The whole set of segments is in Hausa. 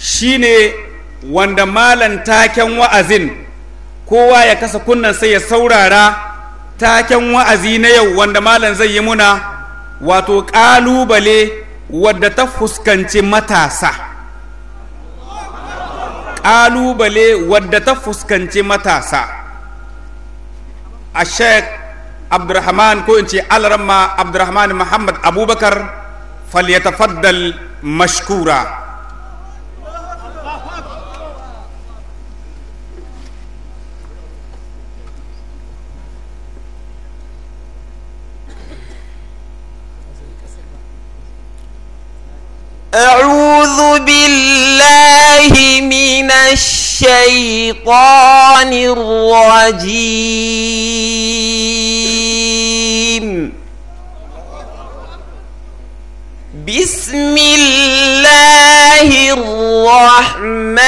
shine wanda malan taken wa'azin kowa ya kasa kunnan sai ya saurara taken wa'azi na yau wanda malan zai yi muna wato ƙalubale wadda ta fuskanci matasa ƙalubale wadda ta fuskanci matasa a sheik abdurrahman ko in ce alarma abdurrahman muhammad abubakar falyatafaddal mashkura أعوذ بالله من الشيطان الرجيم بسم الله الرحمن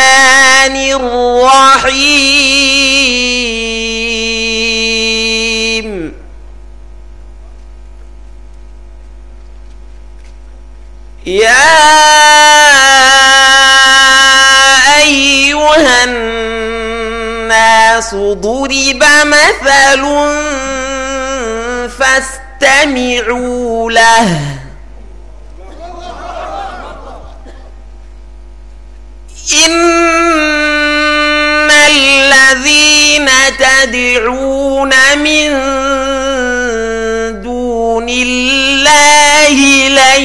الرحيم يا أيها الناس ضرب مثل فاستمعوا له إن الذين تدعون من دون الله لن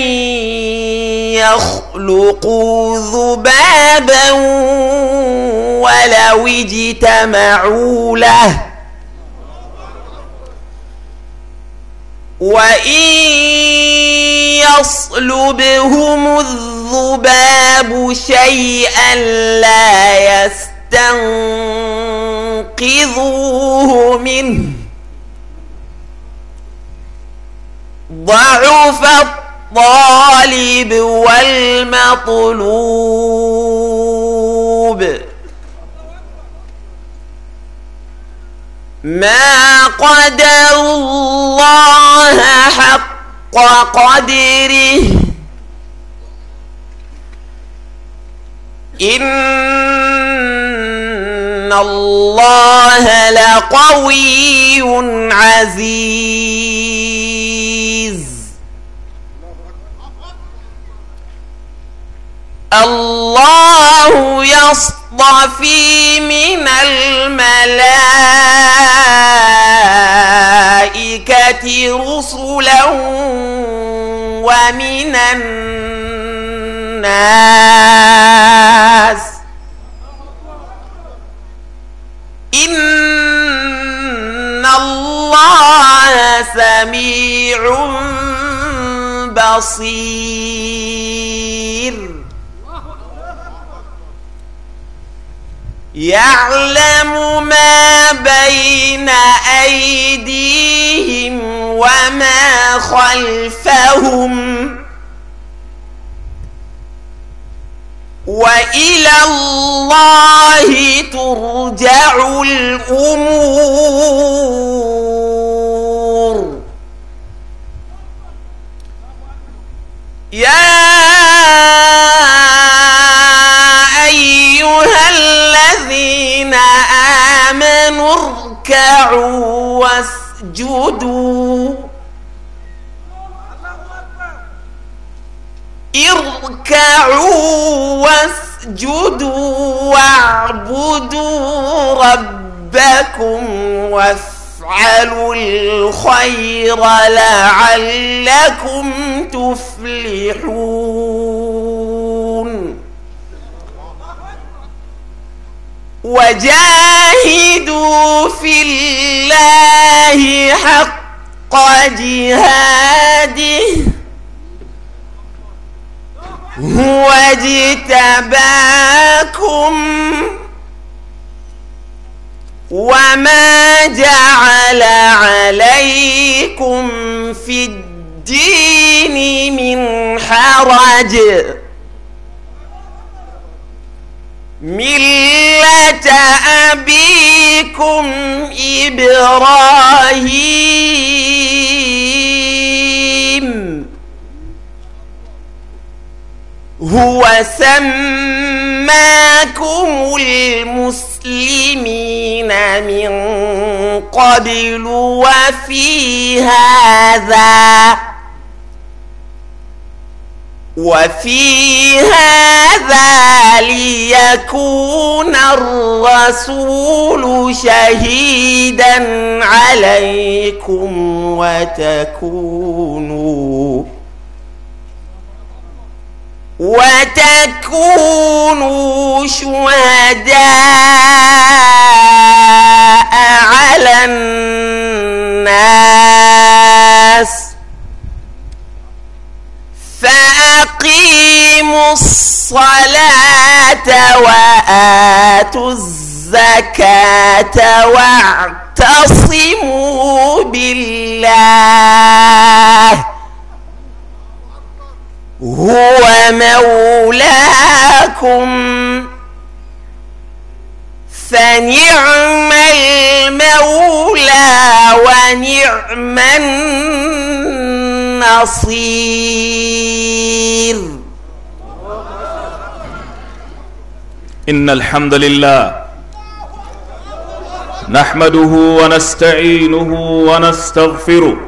يخلقوا ذبابا ولو اجتمعوا له وإن يصلبهم الذباب شيئا لا يستطيعون تنقذوه منه ضعف الطالب والمطلوب ما قدر الله حق قدره إن إن الله لقوي عزيز الله يصطفي من الملائكة رسلا ومن الناس إن الله سميع بصير يعلم ما بين أيديهم وما خلفهم وإلى الله ترجع الأمور يا أيها الذين آمنوا اركعوا واسجدوا اركعوا واسجدوا واعبدوا ربكم وافعلوا الخير لعلكم تفلحون وجاهدوا في الله حق جهاده هو اجتباكم وما جعل عليكم في الدين من حرج ملة أبيكم إبراهيم هو سماكم المسلمين من قبل وفي هذا وفي هذا ليكون الرسول شهيدا عليكم وتكونوا وتكونوا شهداء على الناس فأقيموا الصلاة وآتوا الزكاة واعتصموا بالله هو مولاكم فنعم المولى ونعم النصير إن الحمد لله نحمده ونستعينه ونستغفره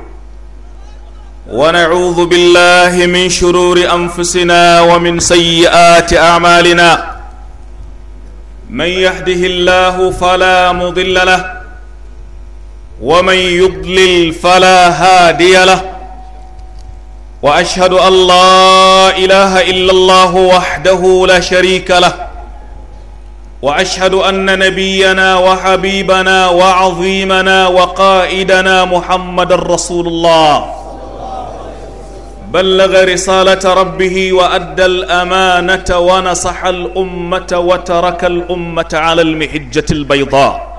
ونعوذ بالله من شرور انفسنا ومن سيئات اعمالنا من يهده الله فلا مضل له ومن يضلل فلا هادي له واشهد ان لا اله الا الله وحده لا شريك له واشهد ان نبينا وحبيبنا وعظيمنا وقائدنا محمد رسول الله بلغ رساله ربه وادى الامانه ونصح الامه وترك الامه على المحجه البيضاء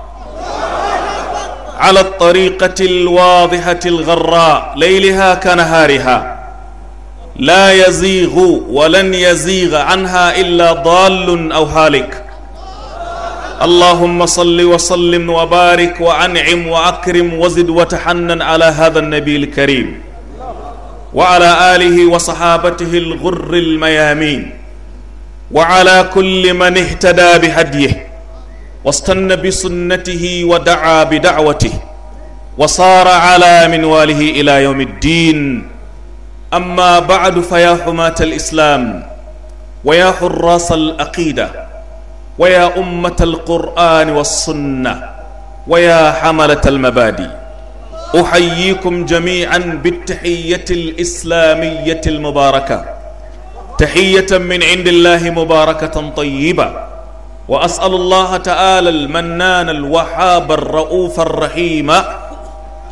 على الطريقه الواضحه الغراء ليلها كنهارها لا يزيغ ولن يزيغ عنها الا ضال او هالك اللهم صل وسلم وبارك وانعم واكرم وزد وتحنن على هذا النبي الكريم وعلى اله وصحابته الغر الميامين وعلى كل من اهتدى بهديه واستنى بسنته ودعا بدعوته وصار على منواله الى يوم الدين اما بعد فيا حماه الاسلام ويا حراس العقيده ويا امه القران والسنه ويا حمله المبادئ احييكم جميعا بالتحيه الاسلاميه المباركه تحيه من عند الله مباركه طيبه واسال الله تعالى المنان الوهاب الرؤوف الرحيم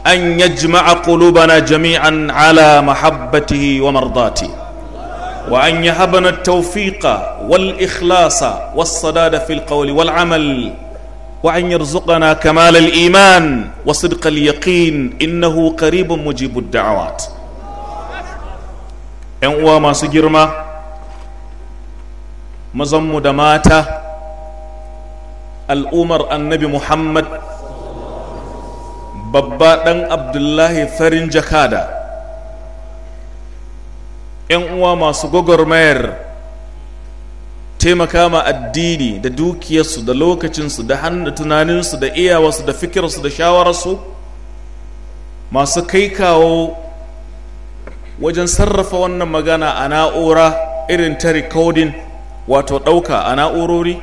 ان يجمع قلوبنا جميعا على محبته ومرضاته وان يهبنا التوفيق والاخلاص والصداد في القول والعمل na وأن يرزقنا كمال الإيمان وصدق اليقين إنه قريب مجيب الدعوات ‘yan uwa masu girma mazanmu da mata Al'ummar annabi muhammad babba ɗan abdullahi farin jakada ‘yan uwa masu gwagwarmayar taimaka ma addini da dukiyarsu da lokacinsu da hannu tunaninsu da iyawarsu da fikirsu da shawararsu masu kai kawo wajen sarrafa wannan magana a na'ura irin ta recording wato ɗauka a na'urori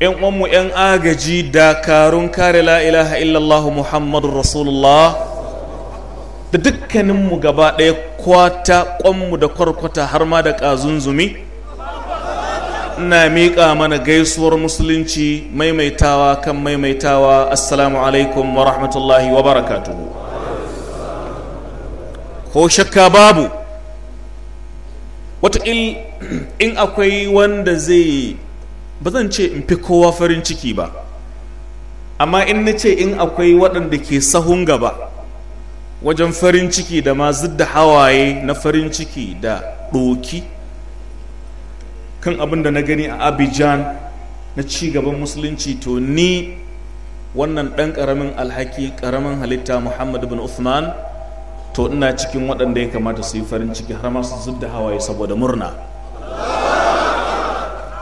'yan uwanmu 'yan agaji da karun kare la ilaha illallah muhammadun rasulullah da dukkaninmu gaba ɗaya kwata ƙwanmu da kwarkwata har ma da ƙazunzumi na miƙa mana gaisuwar musulunci maimaitawa kan maimaitawa assalamu alaikum wa rahmatullahi wa barakatuhu ko shakka babu watakil in akwai wanda zai ba zan ce in fi kowa farin ciki ba amma in na ce in akwai waɗanda ke sahun gaba wajen farin ciki da ma zidda hawaye na farin ciki da ɗoki kan abin da na gani a abidjan na ci gaban musulunci to ni wannan ɗan karamin alhaki ƙaramin halitta muhammad bin uthman to ina cikin waɗanda ya kamata su yi farin ciki har ma zidda hawaye saboda murna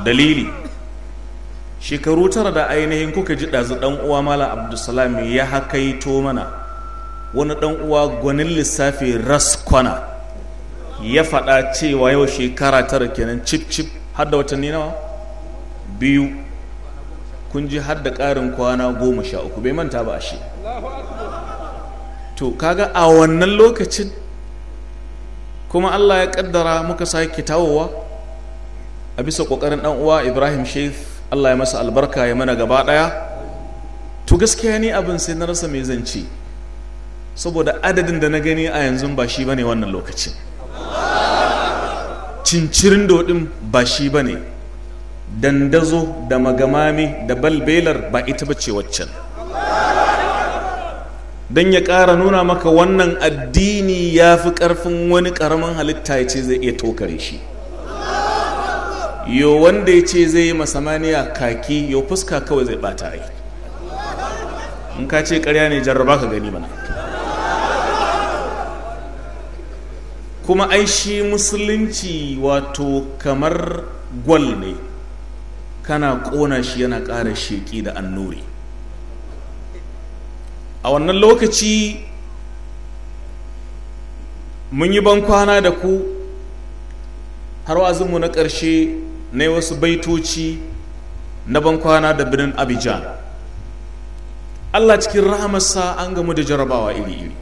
dalili shekaru tara da ainihin kuka ji ɗazu ɗan uwa malam abdulsalam ya to mana wani ɗan uwa gwanin lissafi raskwana ya faɗa cewa yau shekara tara kenan cip cip har da watanni nawa biyu kun ji har da ƙarin kwana goma sha uku bai manta ba shi to kaga a wannan lokacin kuma allah ya ƙaddara muka sake tawowa a bisa ƙoƙarin ɗan uwa ibrahim sheikh, allah ya masa albarka ya mana gaba ɗaya to gaskiya ni abin sai na rasa mai zance saboda adadin da na gani a yanzu ba shi bane wannan lokacin cincirin dodin ba shi bane dandazo da magamami da balbelar ba ita ba ce waccan don ya ƙara nuna maka wannan addini ya fi ƙarfin wani ƙaramin halitta ya ce zai iya tokare shi yo wanda ya ce zai yi masamaniya kaki yo fuska kawai zai bata yi in ka ce karya ne jarraba ka gani mana kuma ai shi musulunci wato kamar gwal ne kana kona shi yana ƙara sheƙi da annuri a wannan lokaci mun yi ban kwana da ku har wazinmu na ƙarshe na wasu baitoci na ban kwana da birnin abijan. allah cikin rahamarsa an gamu da jarabawa iri-iri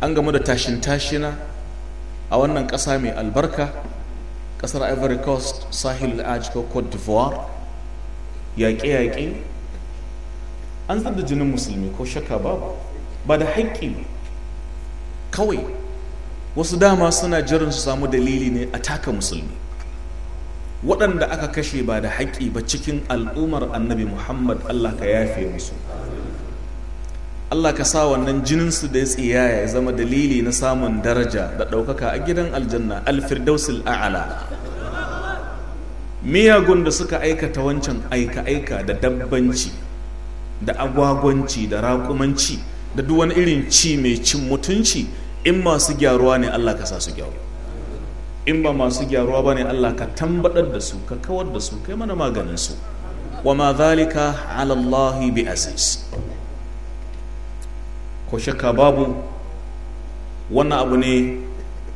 an gamu da tashin-tashina a wannan ƙasa mai albarka ƙasar ivory coast sahel ko cote d'ivoire yaƙe-yaƙe an zar da jinin musulmi ko shakka babu ba da haƙƙi kawai wasu dama suna jiran su samu dalili ne a taka musulmi waɗanda aka kashe ba da haƙƙi ba cikin al'ummar annabi muhammad allah ka yafe musu Allah ka sa wannan jininsu da ya tsiyaya ya zama dalili na samun daraja da ɗaukaka a gidan aljanna alfirdausil a'ala miyagun da suka aikata wancan aika-aika da dabbanci da agwagwanci da raƙumanci da duk wani irin ci mai cin mutunci in masu gyaruwa ne Allah ka sa su gyaru in ba masu gyaruwa ba ne Allah ka tambaɗar da su ka kawar da su kai mana maganin su wa ma zalika ala Allah bi aziz ko shakka babu wannan abu ne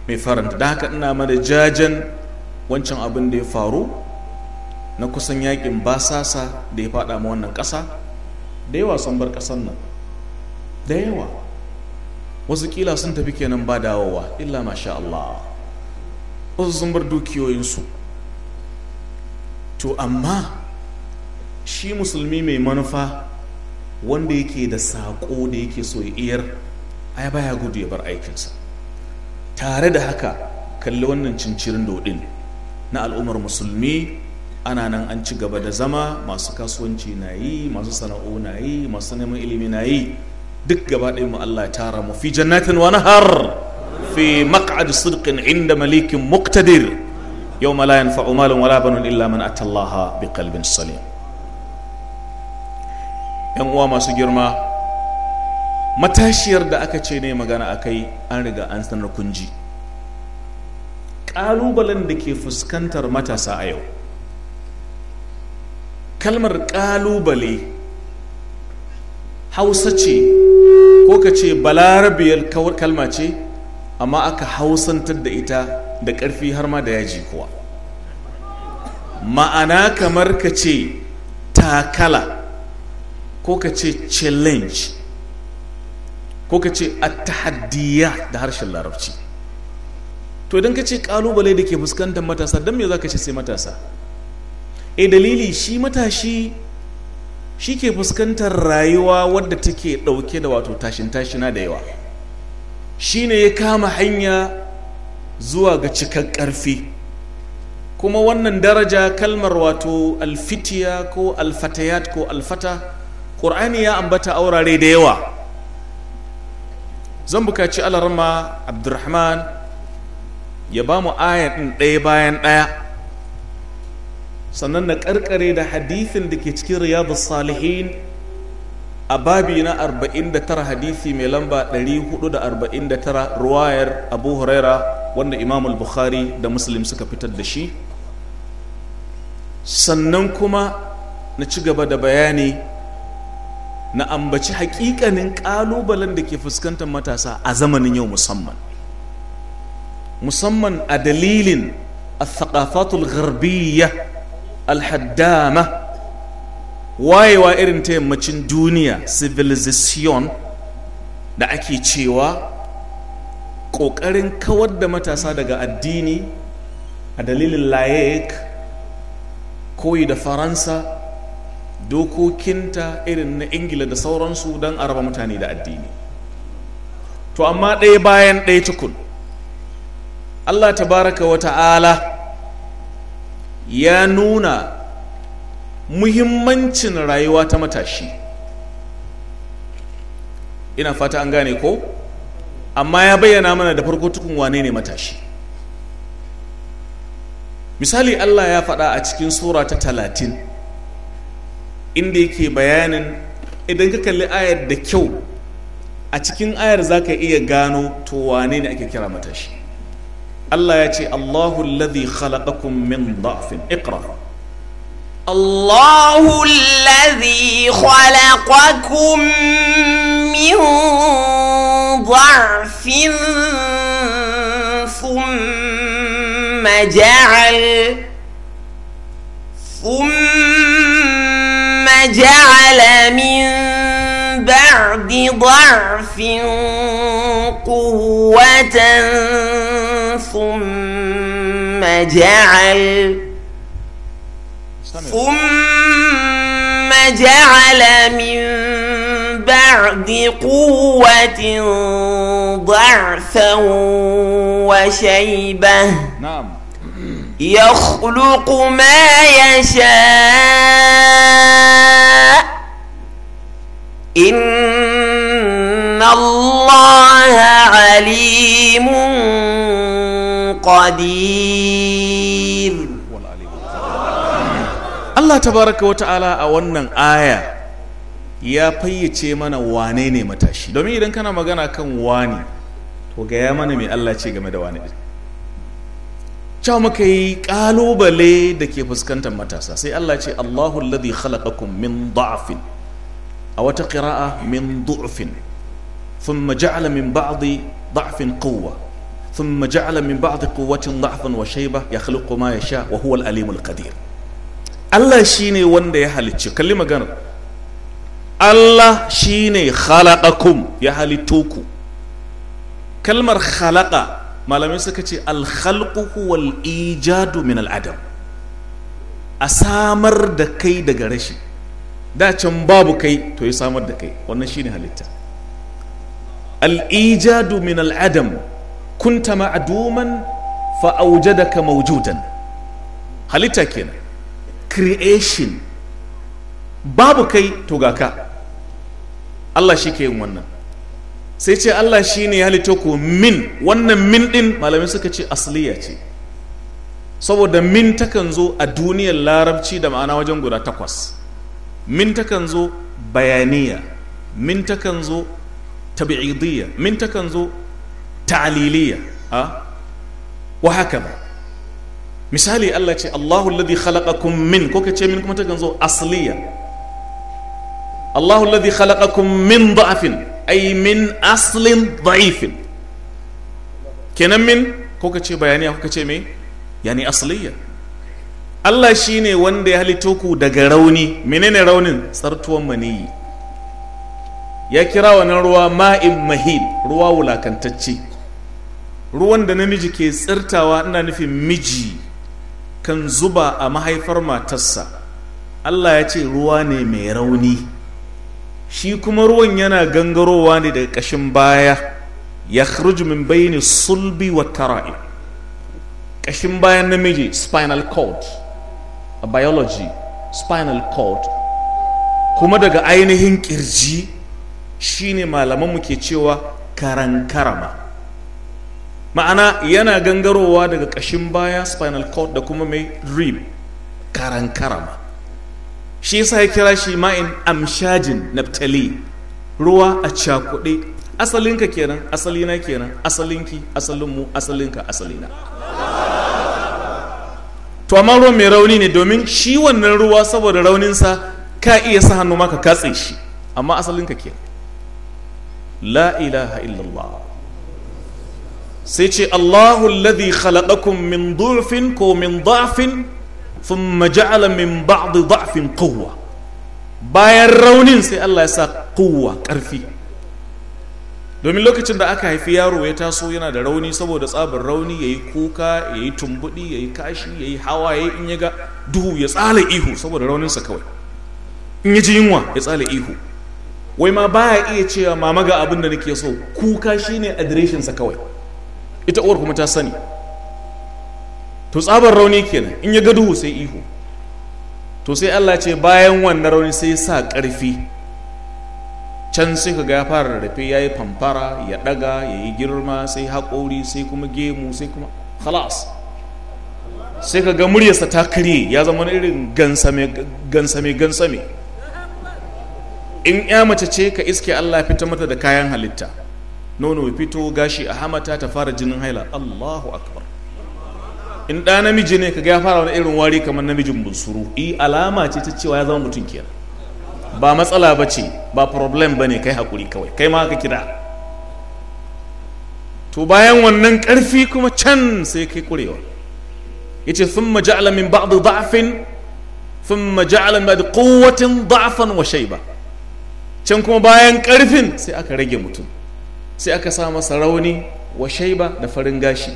mai faranta da haka ina mana jajen wancan abin da ya faru na kusan yakin basasa da ya fada ma wannan ƙasa da yawa sun bar ƙasar nan da yawa wasu kila sun tafi kenan ba dawowa illa masha Allah wasu sun bar dukiyoyinsu to amma shi musulmi mai manufa wanda yake da saƙo da yake so ya iyar a baya gudu ya bar aikinsa tare da haka kalli wannan cincirin dodin na al'ummar musulmi ana nan an ci gaba da zama masu kasuwanci na yi masu sana'o na yi masu neman ilimi na yi duk gaba ɗaya mu Allah ya tara mu fi jannatin wa nahar fi maq'ad sidqin inda malikin muqtadir yawma la yanfa'u malun wala banun illa man atallaha biqalbin salim 'yan uwa masu girma matashiyar da aka ce ne magana a kai an riga an sanar kunji ƙalubalen da ke fuskantar matasa a yau kalmar ƙalubale hausa ce ko ka ce balarabiyar kalma ce amma aka hausantar da ita da ƙarfi har ma da yaji kuwa ma'ana kamar ka ce takala ko ka ce challenge ko ka ce attahaddiya da harshen larabci to idan ka ce kalubale da ke fuskantar matasa don me za ka ce sai matasa e dalili shi matashi shi ke fuskantar rayuwa wadda take ɗauke da wato tashin tashina da yawa shi ne ya kama hanya zuwa ga cikar ƙarfi kuma wannan daraja kalmar wato alfitiya ko alfatayat ko alfata ƙur'ani ya ambata a wurare da yawa zan bukaci alarma abdurrahman ya ba mu ɗin ɗaya bayan ɗaya sannan na ƙarƙare da hadithin da ke cikin riyadu salihin a babi na 49 hadithi mai lamba 449 ruwayar abu huraira wanda imam bukhari da muslim suka fitar da shi sannan kuma na ci gaba da bayani na ambaci hakikanin kalubalen da ke fuskantar matasa a zamanin yau musamman musamman a dalilin al-thaqafatul gharbiyya al wayewa irin ta yammacin duniya civilization da ake cewa ƙoƙarin kawar da matasa daga addini a dalilin layek koyi da faransa dokokinta irin na ingila da sauransu don a mutane da addini to amma ɗaya bayan ɗaya tukun allah Ta baraka wata ta'ala ya nuna muhimmancin rayuwa ta matashi ina fata an gane ko amma ya bayyana mana da farko tukun wane ne matashi misali allah ya faɗa a cikin sura ta talatin inda yake bayanin idan ka kalli ayar da kyau a cikin ayar za ka iya gano to wane ne ake kira matashi Allah ya ce Allahu alladhi khalaqakum min da'fin iqra Allahu alladhi khalaqakum min da'fin thumma ja'al thumma جعل من بعد ضعف قوة ثم جعل ثم جعل من بعد قوة ضعفا وشيبة نعم يخلق ما يشاء إن الله عليم قدير Allah tabaraka wa ta'ala a wannan aya ya fayyace mana wane ne matashi domin idan kana magana kan wani to gaya mana mai Allah ce game da wani cewa muka yi kalubale da ke fuskantar matasa sai Allah ce Allahu alladhi khalaqakum min da'fin a wata qira'a min du'fin sun ja'ala min ba'di da'fin quwwa sun ja'ala min ba'di quwwatin da'fan wa shayba yakhluqu ma yasha wa huwa al-alim al-qadir Allah shine wanda ya halicci kalli magana Allah shine khalaqakum ya halitto ku kalmar khalaqa malamai suka ce alhalku wal ijadu min al'adam a samar da kai daga rashi da can babu kai to ya samar da kai wannan shi ne halitta al'ijadu min al'adam kunta ma'aduman da ka maujudan halitta kenan creation babu kai to ga ka Allah shi ke yin wannan sai ce Allah shi ne halitta ku min wannan min din malamai suka ce asliya ce saboda min takan zo a duniyar larabci da ma'ana wajen guda takwas min takan zo bayaniya min takan zo tabi'idiyya min takan zo ta'aliliya wa haka ba misali Allah ce Allahu alladhi khalaqakum min ko ka ce min kuma takan zo asliya Allahu alladhi khalaqakum min da'afin ay min aslin da'ifin kenan min ko ka ce bayaniya ko ka ce me yani asliya Allah shine wanda ya halitto ku daga rauni menene raunin tsartuwan maniyi ya kira wannan ruwa ma'in mahil ruwa wulakantacce ruwan da namiji ke tsirtawa ina nufin miji kan zuba a mahaifar matarsa Allah ya ce ruwa ne mai rauni shi kuma ruwan yana gangarowa ne daga ƙashin baya ya min bayani sulbi wa tara'i ƙashin bayan namiji spinal cord a biology spinal cord kuma daga ainihin kirji ne malamanmu ke cewa karankarama ma'ana yana gangarowa daga ƙashin baya spinal cord da kuma mai rib karankarama shi yasa ya kira shi ma'in amshajin naftali ruwa a cakuɗe asalinka kenan asalina kenan asalinki asalinmu asalinka asalina to amma ruwan mai rauni ne domin shi wannan ruwa saboda rauninsa ka iya sa hannu maka katse shi amma asalinka kenan la ilaha illallah sai ce allahu alladhi khalaqakum min dhurfin ko min zafin. thumma ja'ala min ba'd da'fin quwwa bayan raunin sai Allah ya sa quwwa karfi domin lokacin da aka haifi yaro ya taso yana da rauni saboda tsabar rauni yayi kuka yayi tumbudi yayi kashi yayi hawa yayi in yaga duhu ya tsala ihu saboda rauninsa kawai in yaji yunwa ya tsala ihu wai ma baya iya cewa mama ga abin da nake so kuka shine adireshinsa kawai ita uwar kuma ta sani to tsabar rauni kenan in ya ga duhu sai ihu to sai Allah ce bayan wannan rauni sai sa karfi can sai ka ga ya fara rarrafe ya yi famfara ya ɗaga ya yi girma sai haƙori sai kuma gemu sai kuma halas sai ka ga muryarsa ta karye ya zama irin gansame gansame gansame in ya mace ce ka iske Allah fita mata da kayan halitta nono fito gashi a hamata ta fara jinin haila Allahu akbar in ɗa namiji ne kaga ya fara wani irin wari kamar namijin bunsuru i e, alama ce ta cewa ya zama mutum kenan ba matsala ba ce ba problem ba ne kai haƙuri kawai kai ma ka kira to bayan wannan ƙarfi kuma can sai kai ƙurewa ya ce sun maja'ala min ba'adu da'afin sun maja'ala min ba'adu ƙuwatin da'afan wa shaiba can kuma bayan ƙarfin sai aka rage mutum sai aka sa masa rauni wa shaiba da farin gashi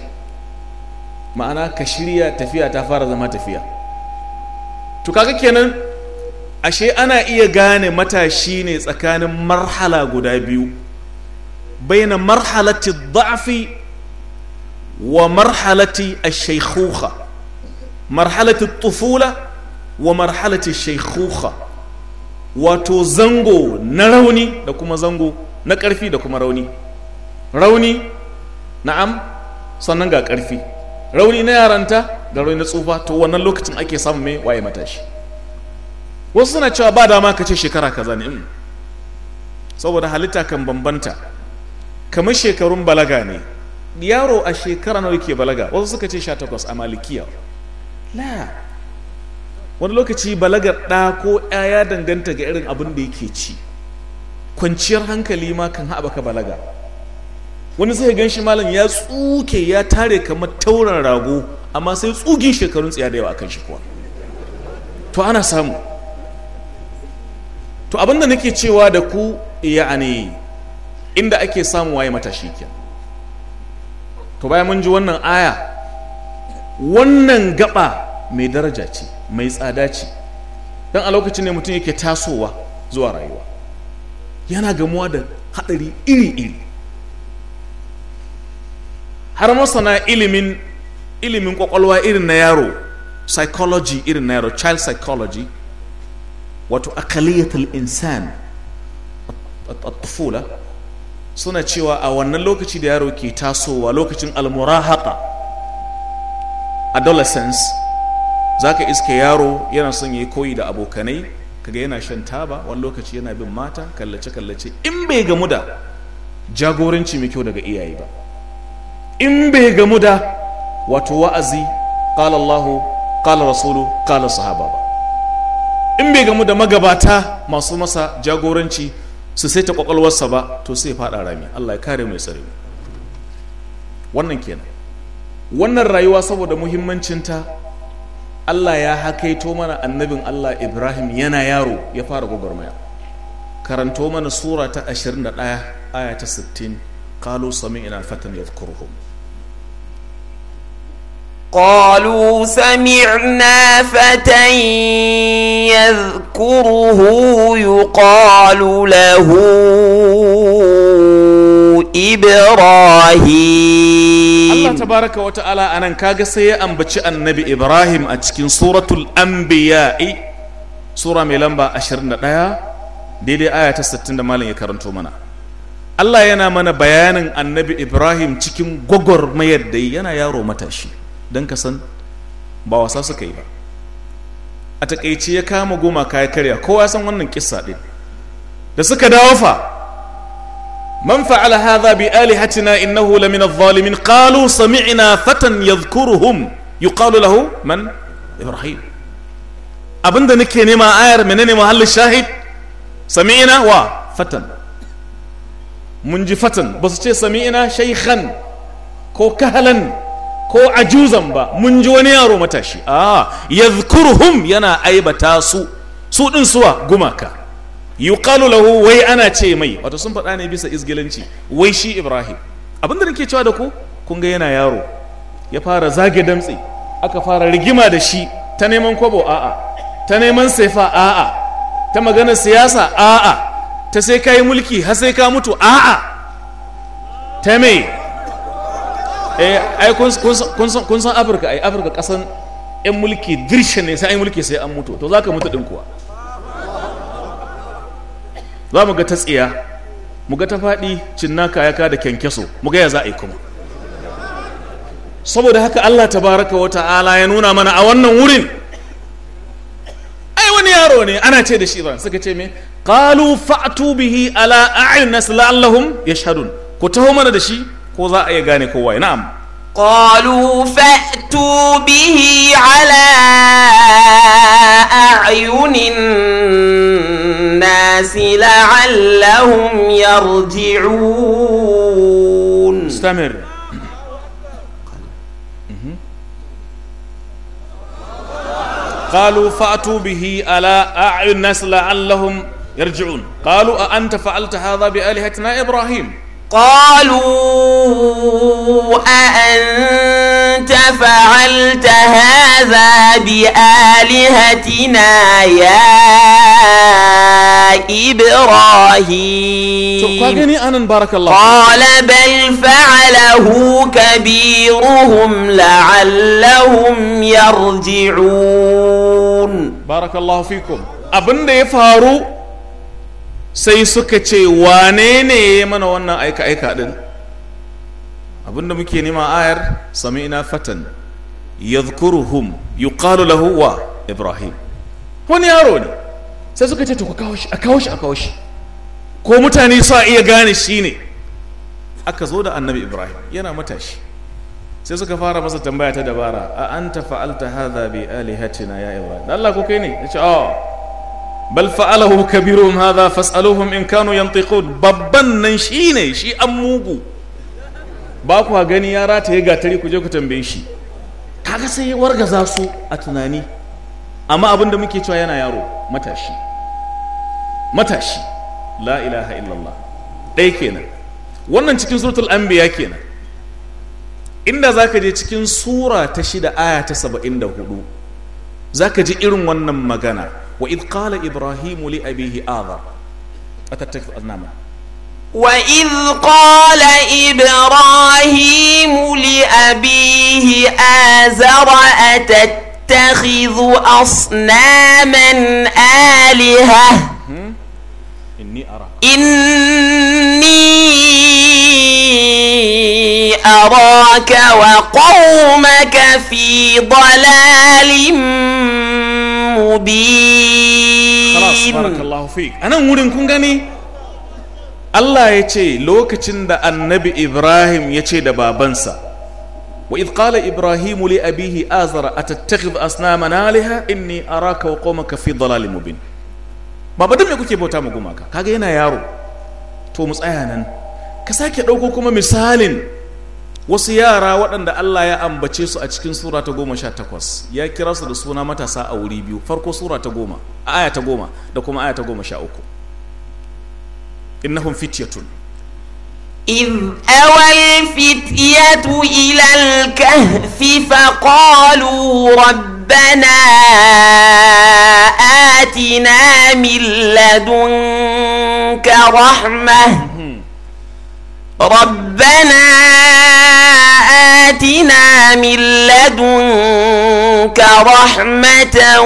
ma'ana ka shirya tafiya ta fara zama tafiya to kenan ashe ana iya gane matashi ne tsakanin marhala guda biyu baina marhalati da'afi wa marhalati a shaykhuha marhalati tufula wa marhalati shaykhuha wato zango na rauni da kuma zango na ƙarfi da kuma rauni rauni na'am sannan ga ƙarfi rauni na yaranta da rauni na tsufa to wannan lokacin ake samun mai waye matashi wasu suna cewa ba dama ka ce shekara kaza ne mm. saboda halitta kan bambanta kamar shekarun balaga ne yaro a shekara nawa yake balaga wasu suka ce 18 a malikiya la wani lokaci balagar ɗa ko ya danganta ga irin abin da yake ci kwanciyar hankali ma kan haɓaka balaga wani sai gan shi malam ya tsuke ya tare kamar tauran rago amma sai tsugin shekarun tsiya da yawa akan shi kuwa to ana samu to abinda nake cewa da ku ya'ani inda ake samu waye matashi ke to bayan mun ji wannan aya wannan gaba mai daraja ce mai tsada ce don a lokacin ne mutum yake tasowa zuwa rayuwa yana gamuwa da haɗari iri-iri har masana ilimin ilimin kwakwalwa irin na yaro psychology irin na yaro child psychology wato akaliyatul insan atfula suna cewa a wannan lokaci da yaro ke tasowa lokacin almurahaka adolescence ka iska yaro yana son ya yi koyi da abokanai kaga yana shan taba wani lokaci yana bin mata kallace kallace in bai gamu da jagoranci mai kyau daga iyaye ba in bai gamu da wato wa'azi ƙalallahu, Allahu qala rasulu qala sahaba ba in bai gamu da magabata masu masa jagoranci su sai ta kwakwalwarsa ba to sai fada rami Allah ya kare mai tsari wannan kenan wannan rayuwa saboda muhimmancinta Allah ya hakaito mana annabin Allah Ibrahim yana yaro ya fara gwagwarmaya karanto mana sura ta 21 aya ta 60 sami ina fatan yadhkuruhum قالوا سمعنا فتى يذكره يقال له Ibrahim Allah tabaraka wa ta'ala anan kaga sai ya ambaci annabi Ibrahim a cikin suratul anbiya sura mai lamba 21 daidai aya ta 60 da malam ya karanto mana Allah yana mana bayanin annabi Ibrahim cikin mayar da yana yaro matashi don ka san ba wasa suka yi ba a takaici ya kama goma kaya karya kowa san wannan kissa din da suka dawo fa man fa'ala hadha bi alihatina innahu lamin adh-dhalimin qalu sami'na fatan yadhkuruhum yuqalu lahu man ibrahim abinda nake nema ayar menene mahallin shahid sami'na wa fatan mun ji fatan ba su ce sami'na shaykhan ko kahalan ko ajuzan ba mun ji wani yaro matashi a yadhkuruhum yana aibata su su din suwa gumaka yuqalu lahu wai ana ce mai wato sun faɗa ne bisa izgilanci wai shi ibrahim abinda nake cewa da ku kun ga yana yaro ya fara zage damtse aka fara rigima da shi ta neman kwabo a'a ta neman saifa a'a ta magana siyasa a'a ta sai kayi mulki har sai ka mutu a'a ta mai eh ai kun san afirka a Afirka ai Afirka kasan yan mulki dirshe ne sai yi mulki sai an mutu to za ka mutu din kuwa za mu ga ta tsiya mu ga ta faɗi cinna ya da kyankyaso mu ga ya za a yi kuma saboda haka Allah tabaraka wa ta'ala ya nuna mana a wannan wurin ai wani yaro ne ana ce da shi ba suka ce me qalu fa'tu bihi ala a'yun nas la'allahum yashhadun ku taho mana da shi ko za a iya na'am قالوا فأتوا به على أعين الناس لعلهم يرجعون استمر قالوا فأتوا به على أعين الناس لعلهم يرجعون قالوا أأنت فعلت هذا بآلهتنا إبراهيم قالوا أأنت فعلت هذا بآلهتنا يا إبراهيم قال بل فعله كبيرهم لعلهم يرجعون بارك الله فيكم أبن يفاروا sai suka ce wane ne ya mana wannan aika-aika din abinda muke nema ayar sami'na fatan yadhkuruhum yuqalu lahu wa ibrahim wani yaro ne sai suka ce to ka kawo shi a kawo shi a kawo shi ko mutane sa iya gane shi ne aka zo da annabi ibrahim yana matashi sai suka fara masa tambaya ta dabara a anta fa'alta hadha bi alihatina ya ibrahim Allah ko kai ne ce a bal fa'alahu kabirum hadha fas'aluhum in kanu yantiqun babban nan shine shi an mugu ba ku gani ya rataye gatari ku je ku tambaye shi kaga sai ya wargaza su a tunani amma abin da muke cewa yana yaro matashi matashi la ilaha illallah ɗaya kenan wannan cikin suratul anbiya kenan inda zaka je cikin sura ta shida aya ta saba'in da hudu zaka ji irin wannan magana وإذ قال إبراهيم لأبيه آذر أتتخذ أذناما وإذ قال إبراهيم لأبيه آذر أتتخذ أصناما آلهة إني أرى إني أراك وقومك في ضلال مبين muttaqin a nan anan wurin kun gani Allah ya ce lokacin da annabi Ibrahim ya ce da babansa wa idh qala Ibrahim li abihi azara atattakhidh asnaman alaha inni araka wa qaumaka fi dhalalin mubin baba dan me kuke bauta mu gumaka kaga yana yaro to mu tsaya nan ka sake ɗauko kuma misalin wasu yara waɗanda Allah ya ambace su a cikin sura ta goma sha takwas ya kira su da suna matasa a wuri biyu farko sura ta goma aya ta goma da kuma aya ta goma sha uku innahum fityatun إذ أوى الفتية إلى الكهف فقالوا ربنا آتنا من لدنك رحمة ربنا آتنا من لدنك رحمة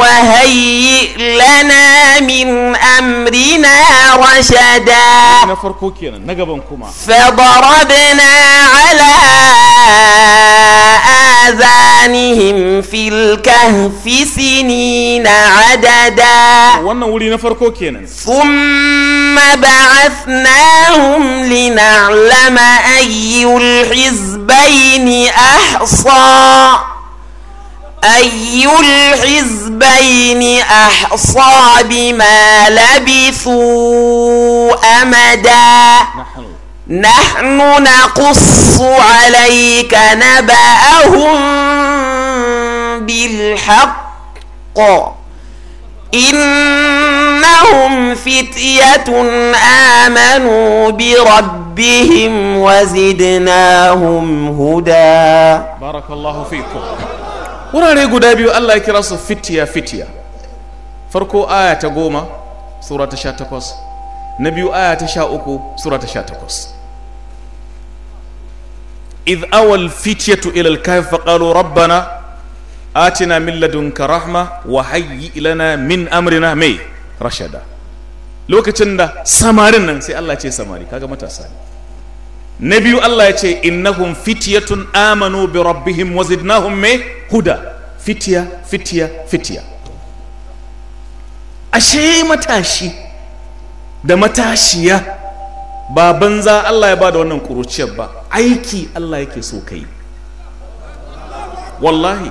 وهيئ لنا من أمرنا رشدا فضربنا على آذانهم في الكهف سنين عددا ثم بعثناهم لنعلم أي الحزبين أحصى أي الحزبين أحصى بما لبثوا أمدا نحن نحن نقص عليك نبأهم بالحق إنهم فتية آمنوا بربهم وزدناهم هدى بارك الله فيكم وراني دابيو الله يكرس فتية فتية فرقوا آية قومة سورة شاتقوس نبيو آية شاؤكو سورة شاتقوس إذ أوى الفتية إلى الكهف فقالوا ربنا آتنا من لدنك lokacin da samarin nan sai Allah ce samari kaga matasa ne na biyu Allah ya ce innahum fityatun amanu bi rabbihim wa zidnahum me huda fitiya fitiya fitiya ashe matashi da matashiya ba banza Allah ya ba da wannan ƙuruciyar ba aiki Allah yake so ka wallahi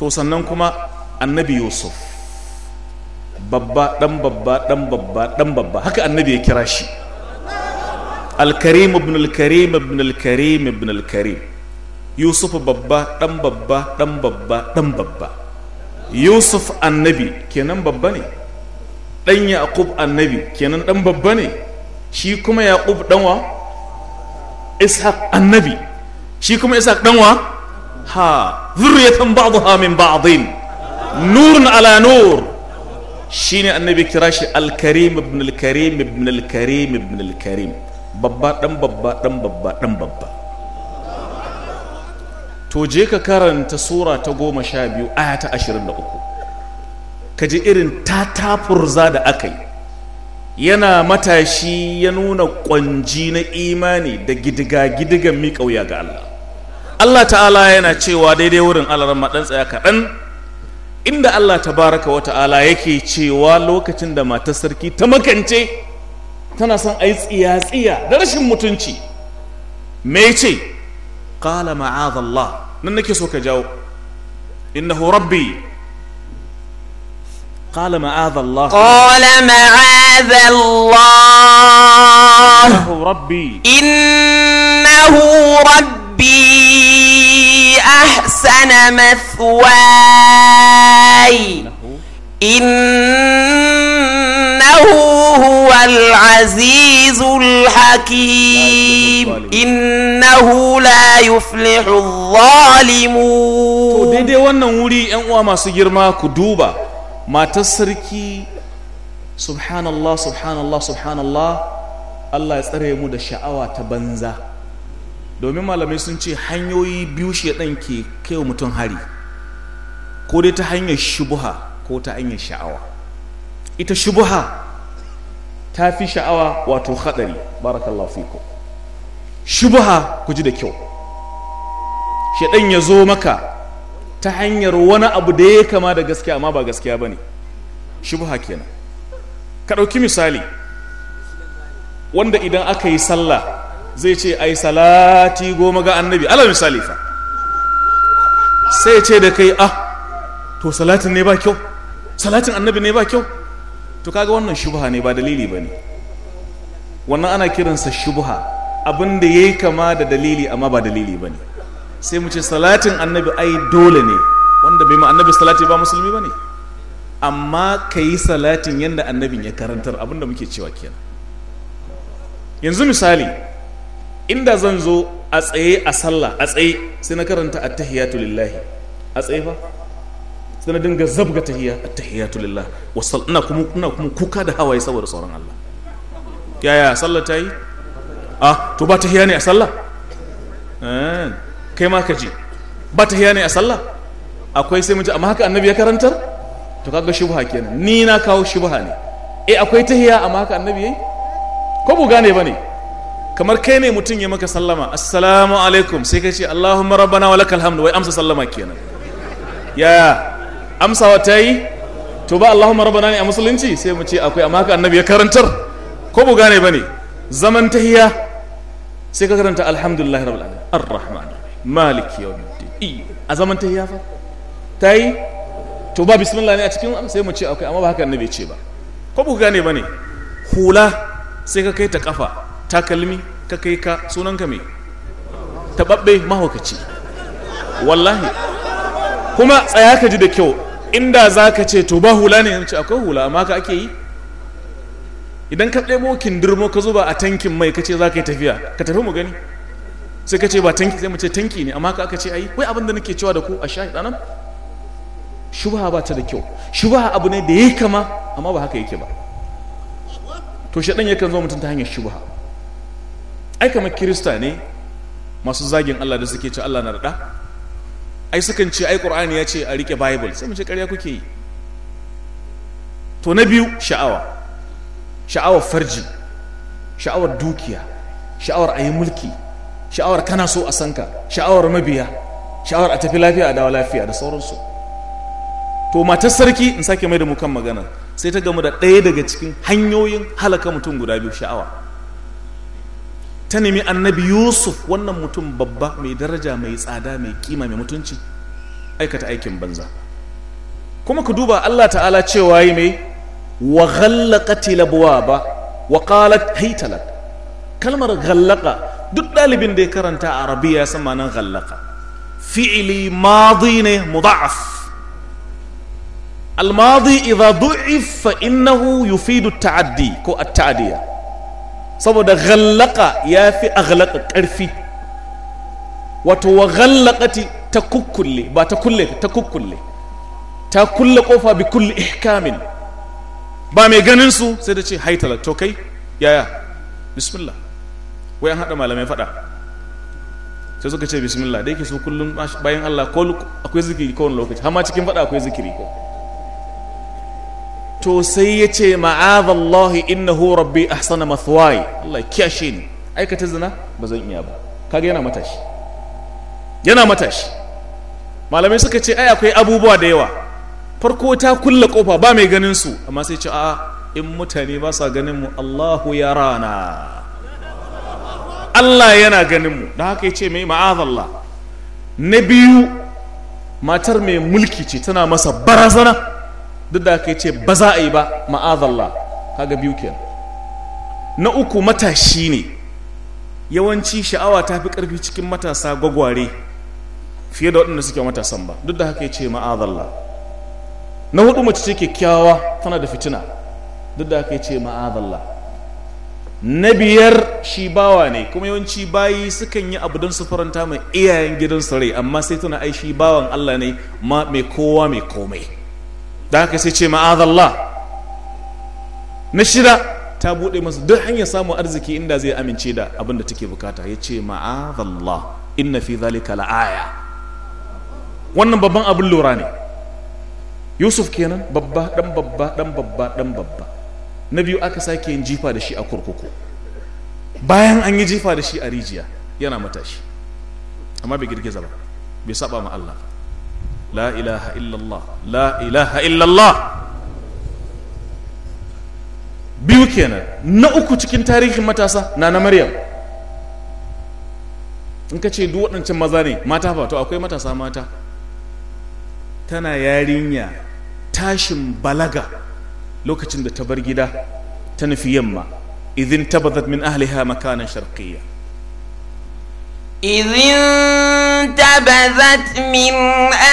to sannan kuma annabi yusuf babba dan babba dan babba dan babba haka annabi ya kira shi alkarim ibn alkarim ibn alkarim ibn alkarim yusuf babba dan babba dan babba dan babba yusuf annabi kenan babba ne dan yaqub annabi kenan dan babba ne shi kuma yaqub danwa ishaq annabi shi kuma ishaq danwa ha zurriyatan ba'daha min ba'din nurun ala nur shine annabi kirashi al-karim ibn al-karim ibn al-karim ibn al-karim babba dan babba dan babba dan babba to je ka karanta sura ta goma sha biyu aya ta ashirin da uku ka ji irin tatafurza da aka yi yana matashi ya nuna kwanji na imani da gidiga-gidigan miƙauya ga Allah Allah ta'ala yana cewa daidai wurin alarar maɗan tsaya kaɗan inda Allah ta baraka wa ta'ala yake cewa lokacin da matar sarki ta makance tana son a yi tsiya-tsiya da rashin mutunci mai ce ƙala ma'azallah nan nake so ka jawo innahu rabbi قال معاذ الله قال معاذ الله إنه ربي إنه ربي أحسن مثواي إنه هو العزيز الحكيم إنه لا يفلح الظالمون to daidai wannan wuri 'yan ما masu matar sarki subhanallah subhanallah subhanallah Allah ya tsare mu da sha'awa ta banza domin malamai sun ce hanyoyi biyu shaɗan ke kai wa mutum hari ko dai ta hanyar shubuha ko ta hanyar sha'awa ita shubuha ta fi sha'awa wato haɗari barakallahu fiku shubuha ku ji da kyau shaɗan ya zo maka ta hanyar wani abu da ya kama da gaskiya amma ba gaskiya ba ne shubha kenan ka ɗauki misali wanda idan aka yi sallah zai ce ai salati goma ga annabi ala misali fa sai ce da kai ah to salatin ne ba kyau salatin annabi ne ba kyau to kaga wannan shubha ne ba dalili ba ne wannan ana kiransa shubha abin da ya yi kama da dalili amma ba dalili ba ne sai mu ce salatin annabi ai dole ne wanda bai ma annabi salati ba musulmi ba ne amma ka yi salatin yadda annabin ya karantar abinda muke cewa kenan yanzu misali inda zan zo a tsaye a sallah a tsaye sai na karanta tahiyatu lillahi a tsaye fa sai na dinga zabga tahiya tahiyatu lillahi wasal ina kuma ina kuma kuka da hawaye saboda tsoron Allah yaya sallah ta yi ah to ba tahiya ne a sallah eh. kai ma ka ji ba ta hiyane a sallah akwai sai mun ji amma haka annabi ya karantar to kaga shubha kenan ni na kawo shubha ne eh akwai ta hiya amma haka annabi yayi ko bu gane bane kamar kai ne mutum ya maka sallama assalamu alaikum sai ka ce allahumma rabbana wa lakal hamdu wai amsa sallama kenan ya amsa ta yi to ba allahumma rabbana ne a musulunci sai mu ce akwai amma haka annabi ya karantar ko bu gane bane zaman tahiya sai ka karanta alhamdulillahi rabbil alamin arrahman maliki yawmiddin a zaman ta yafa ta yi to ba bismillah ne a cikin sai mu ce akwai amma ba haka annabi ce ba ko ba gane bane hula sai ka kai ta kafa takalmi ka kai ka sunan ka me tababbe mahaukaci wallahi kuma tsaya ka ji da kyau inda za ka ce to ba hula ne yanci akwai hula amma ka ake yi idan ka ɗebo kindirmo ka zuba a tankin mai ka ce za ka yi tafiya ka tafi mu gani sai ka ce ba tanki sai mu ce tanki ne amma ka aka ce ai wai abin da nake cewa da ku a shahi ɗanan shubha ba ta da kyau shubaha abu ne da ya kama amma ba haka yake ba to shaɗan yakan zo mutum ta hanyar shubaha ai kamar kirista ne masu zagin Allah da suke ce Allah na raɗa ai sukan ce ai qur'ani ya ce a rike bible sai mu ce ƙarya kuke yi to na biyu sha'awa sha'awar farji sha'awar dukiya sha'awar ayi mulki sha'awar kana so a sanka sha'awar mabiya sha'awar a tafi lafiya a dawa lafiya da sauransu to matar sarki in sake mai da mu kan magana sai ta gamu da ɗaya daga cikin hanyoyin halaka mutum guda biyu sha'awa ta nemi annabi yusuf wannan mutum babba mai daraja mai tsada mai kima mai mutunci aikata aikin banza kuma ku duba allah ta'ala cewa yi mai wa ghallaqati labwa ba wa kalmar ghallaka duk ɗalibin da ya karanta a rabiya san ma'anar ghallaka fi'ili madi ne mudaf الماضي إذا ضعف فإنه يفيد ko a التعدية saboda ghallaka ya fi aghlaka ƙarfi wato wa ghallakati ta kukkulle ba ta kulle ta kukkulle ta kulle kofa bi kulle ihkamin ba mai ganin su sai da ce haitala to kai yaya bismillah ko an hada malamai fada sai suka ce bismillah da yake su kullum bayan Allah ko akwai zikiri ko wani lokaci hama cikin fada akwai zikiri ko to sai ya ce Allah innahu rabbi ahsana mathwai Allah kiyashe ni aikata zina ba zan iya ba kaga yana matashi yana matashi malamai suka ce ai akwai abubuwa da yawa farko ta kulle kofa ba mai ganin su amma sai ce a'a in mutane ba sa ganin mu Allahu ya rana Allah yana ganin mu da haka ce mai ma'azallah na biyu matar mai mulki ce tana masa barazana duk da haka ya ce ba za a yi ba ma'azallah kaga biyu ke na uku matashi ne yawanci sha'awa ta fi karfi cikin matasa gwagware fiye da waɗanda suke matasan ba duk da haka ya ce ma'azallah na hudu mace ce kyakkyawa tana da fitina duk da haka ya ce ma'azallah na biyar shi bawa ne kuma yawanci bayi sukan yi abu don su faranta mai iyayen gidansu rai amma sai tuna ai shi bawan Allah ne ma mai kowa mai komai da haka sai ce ma'azallah na shida ta buɗe masu duk hanyar samun arziki inda zai amince da abin da take bukata ya ce ma'azallah inna fi zalika la'aya wannan babban abin lura ne yusuf kenan babba dan babba dan babba dan babba na biyu aka sake yin jifa da shi a kurkuku bayan an yi jifa da shi a rijiya yana matashi amma bai girgiza ba bai saba ma Allah la ilaha illallah la ilaha illallah biyu kenan na uku cikin tarihin matasa na na maryam in ka ce duk waɗancan maza ne mata ba to akwai matasa mata tana yarinya tashin balaga lokacin da ta bar gida ta nufi yamma idin tabadat min ahliha makanan sharqiyya idin tabadat min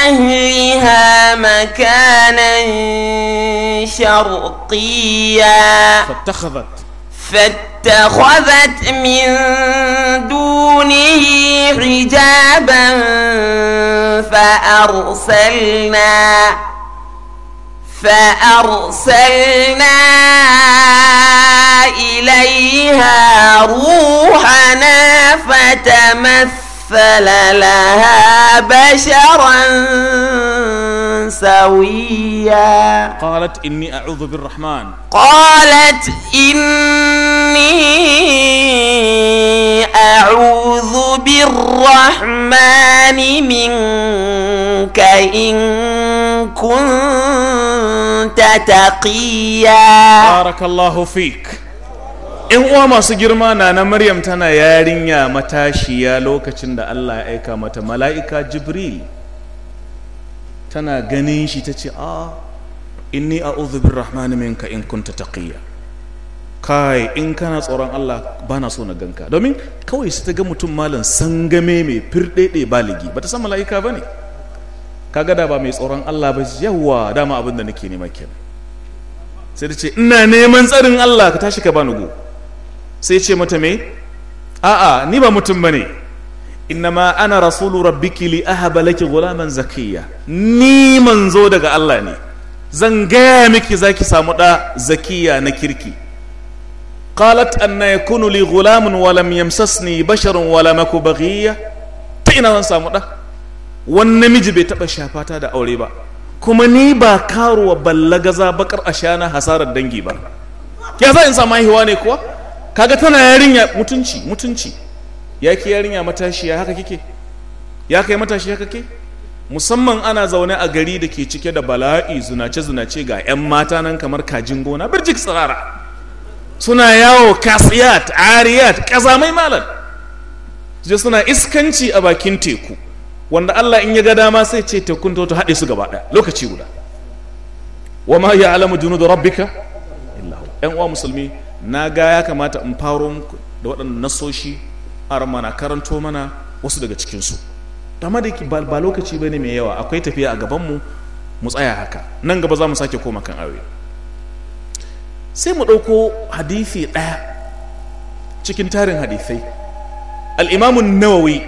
ahliha makanan sharqiyya fattakhadhat فاتخذت من دونه حجابا فأرسلنا فأرسلنا إليها روحنا فتمثل فأرسل لها بشرا سويا قالت إني أعوذ بالرحمن قالت إني أعوذ بالرحمن منك إن كنت تقيا بارك الله فيك 'yan uwa masu girma na na maryam tana yarinya matashiya lokacin da allah ya aika mata mala'ika jibril tana ganin shi ta ce a ah, inni a uzubin rahmanu minka in kunta taqiya kai in kana tsoron allah ba na so na ganka domin kawai su ta ga mutum malam sangame mai firɗeɗe baligi ba ta san mala'ika ba ne kaga da ba mai tsoron allah ba yawa dama abin da nake nema kenan sai ta ce ina neman tsarin allah ka tashi ka bani go sai ce mata me a'a ni ba mutum bane innama ana rasulu rabbiki a ahaba laki gulaman zakiya ni manzo daga Allah ne zan gaya miki zaki samu da zakiya na kirki qalat anna yakunu li gulamun wa lam yamsasni basharun wa lam aku baghiya ta ina zan samu da wani namiji bai taba shafata da aure ba kuma ni ba karuwa ballagaza bakar ashana hasarar dangi ba ya za in samu haihuwa ne kuwa kaga tana yarinya mutunci mutunci ya ke yarinya matashiya haka kike ya kai matashi haka ke musamman ana zaune a gari da ke cike da bala'i zunace zunace ga 'yan mata nan kamar kajin gona birjik tsirara suna yawo kasiyat ariyat mai malam je suna iskanci a bakin teku wanda Allah in ya ga dama sai ce tekun to haɗe su gaba ɗaya lokaci guda wa ma ya alamu da rabbika illa yan uwa musulmi na ga ya kamata in faro da waɗannan nasoshi har karanto mana wasu daga cikinsu amma da ba lokaci ba ne mai yawa akwai tafiya a gabanmu mu tsaya haka nan gaba za mu sake koma kan aure sai mu ɗauko hadisi ɗaya cikin tarin hadisai al'imamun nawawi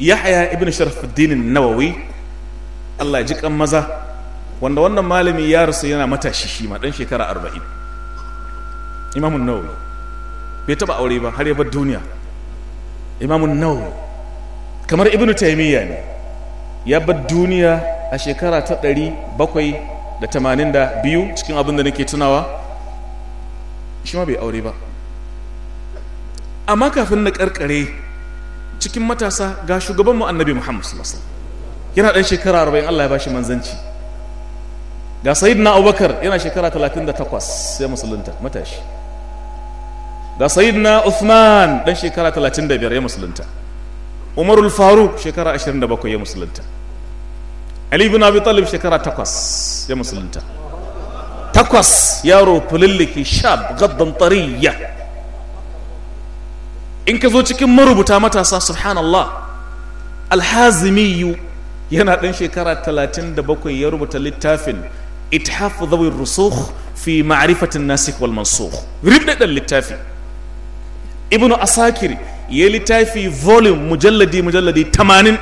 yahya ibn sharafuddin nawawi allah ji kan maza wanda wannan malami ya rasu yana matashi shi ma ɗan shekara arba'in imamun nau bai taba aure ba har ya duniya imamun nau kamar ibn taimiyya ne ya bar duniya a shekara ta ɗari bakwai da tamanin da biyu cikin abin da nake tunawa shi ma bai aure ba amma kafin na karkare cikin matasa ga shugabanmu annabi muhammad sallallahu yana ɗan shekara arba'in allah ya bashi manzanci ga sayid na abubakar yana shekara 38 sai musulunta matashi da sayyidina Uthman dan shekara 35 ya musulunta Umar al-Faruq shekara 27 ya musulunta Ali ibn Abi Talib shekara 8 ya musulunta takwas yaro fulilliki shab gaddan tariya in ka zo cikin marubuta matasa subhanallah al-Hazimi yana dan shekara 37 ya rubuta littafin ithafu dhawi rusukh fi ma'rifati an-nasikh wal mansukh ribdadan littafin ibnu Asakiri ya littafi volume mujalladi mujalladi 80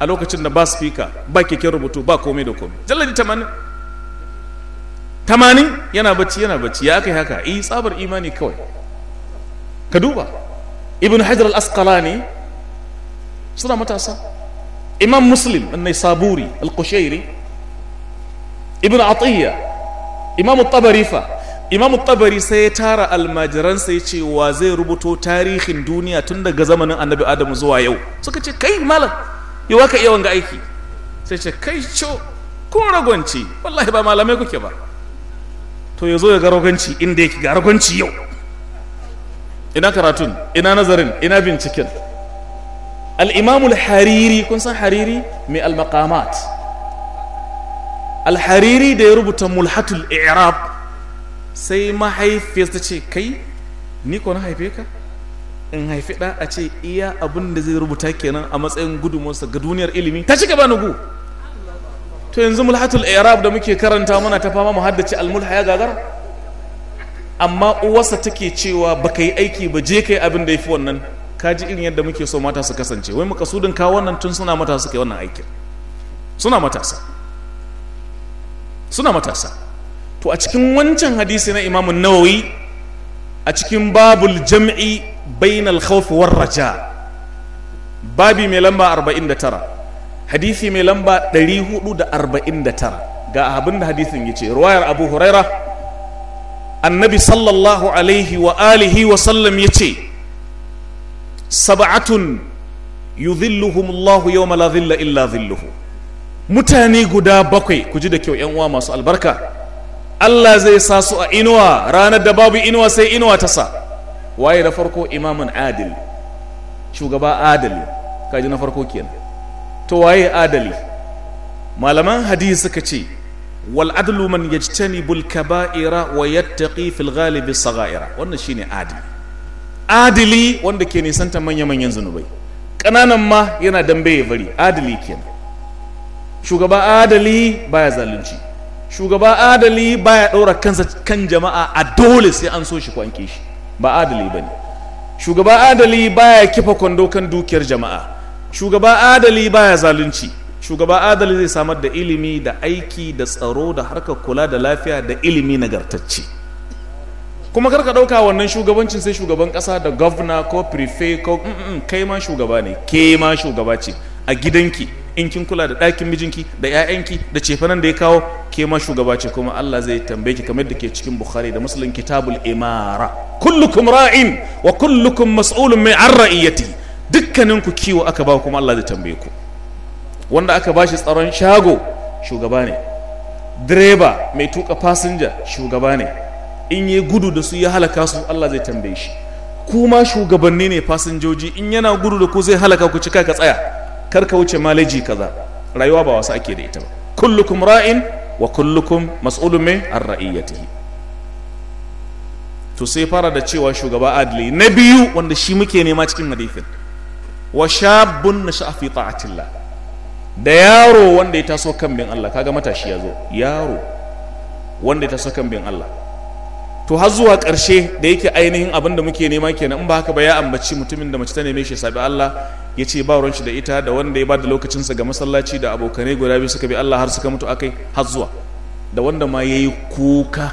a lokacin da ba speaker ba keken rubutu ba komai da komai mujalladi 80 80 yana bacci yana bacci ya aka yi haka yi eh, tsabar imani kawai ka duba Ibnu hajar al-asqalani suna matasa imam muslim annai saburi al-qushairi Ibnu atiyya imam tabarifa imamu tabari sai ya tara almajiransa ya ce wa zai rubuto tarihin duniya tun daga zamanin annabi adamu zuwa yau suka ce kai malam yi waka iya wanga aiki sai ce kai co kun ragwanci wallahi ba malamai kuke ba to ya zo ya ga ragwanci inda yake ga ragwanci yau ina karatun ina nazarin ina binciken al'imamul hariri kun san hariri mai al-maqamat al-hariri da ya rubuta mulhatul i'rab sai mahaifiyar ta ce kai ni ko na haife ka in haifi ɗa a ce iya abin da zai rubuta kenan a matsayin gudunmuwarsa ga duniyar ilimi ta ci gaba nugu to yanzu mulhatul arab da muke karanta mana ta fama mu haddace almulha ya gagara amma uwarsa take cewa baka yi aiki ba je kai abin da ya fi wannan kaji irin yadda muke so mata su kasance wai makasudin kawo wannan tun suna matasa suka wannan aikin suna matasa suna matasa to a cikin wancan hadisi na imamun nawawi a cikin babul jam'i bainal khawf war raja babi mai lamba 49 hadisi mai lamba 449 ga abin da hadisin yace ruwayar abu huraira annabi sallallahu alaihi wa alihi wa sallam yace sab'atun Allahu yawma la dhilla illa dhilluhu mutane guda bakwai ku ji da kyau yan uwa masu albarka Allah zai sa su a inuwa ranar da babu inuwa sai inuwa ta sa waye da farko imamun adil shugaba adali kaji na farko kenan to waye adali malaman hadisi suka ce wal adlu man yajtanibul kaba'ira wa yattaqi fil as saghaira wannan shine adali adili wanda ke nisanta manya manyan zunubai kananan ma yana dambe ya bari adili kenan shugaba adali baya zalunci shugaba adali baya ɗora kansa kan jama'a a dole sai an so shi kwanke shi ba adali ba ne shugaba adali baya kifa kwando kan dukiyar jama'a shugaba adali baya zalunci shugaba adali zai samar da ilimi da aiki da tsaro da harkar kula da lafiya da ilimi nagartacce kuma kar ka ɗauka wannan shugabancin sai shugaban ƙasa da gwamna ko prefe ko kai ma shugaba ne ke ma shugaba ce a gidanki in kin kula da ɗakin mijinki da ƴaƴanki da cefanen da ya kawo ke ma shugaba ce kuma Allah zai tambaye ki kamar da ke cikin Bukhari da Muslim kitabul imara kullukum ra'in wa kullukum mas'ulun mai ar ra'iyati dukkanin ku kiwo aka ba kuma Allah zai tambaye ku wanda aka bashi tsaron shago shugaba ne direba mai tuka fasinja shugaba ne in yi gudu da su ya halaka su Allah zai tambaye shi kuma shugabanni ne fasinjoji in yana gudu da ku zai halaka ku cika ka tsaya kar ka wuce maleji kaza rayuwa ba wasu ake da ita ba kullukum ra'in wa kullukum mas'ulun min ar-ra'iyatihi to sai fara da cewa shugaba adli na biyu wanda shi muke nema cikin hadithin wa shabun nasha fi ta'atillah da yaro wanda ya taso kan bin Allah kaga matashi ya zo yaro wanda ya taso kan bin Allah to har zuwa ƙarshe da yake ainihin abin da muke nema kenan in ba haka ba ya ambaci mutumin da mace ta neme shi sabi Allah ya ce ba ruwan da ita da wanda ya ba da lokacinsa ga masallaci da abokanai guda biyu suka bi Allah har suka mutu akai har zuwa da wanda ma yayi kuka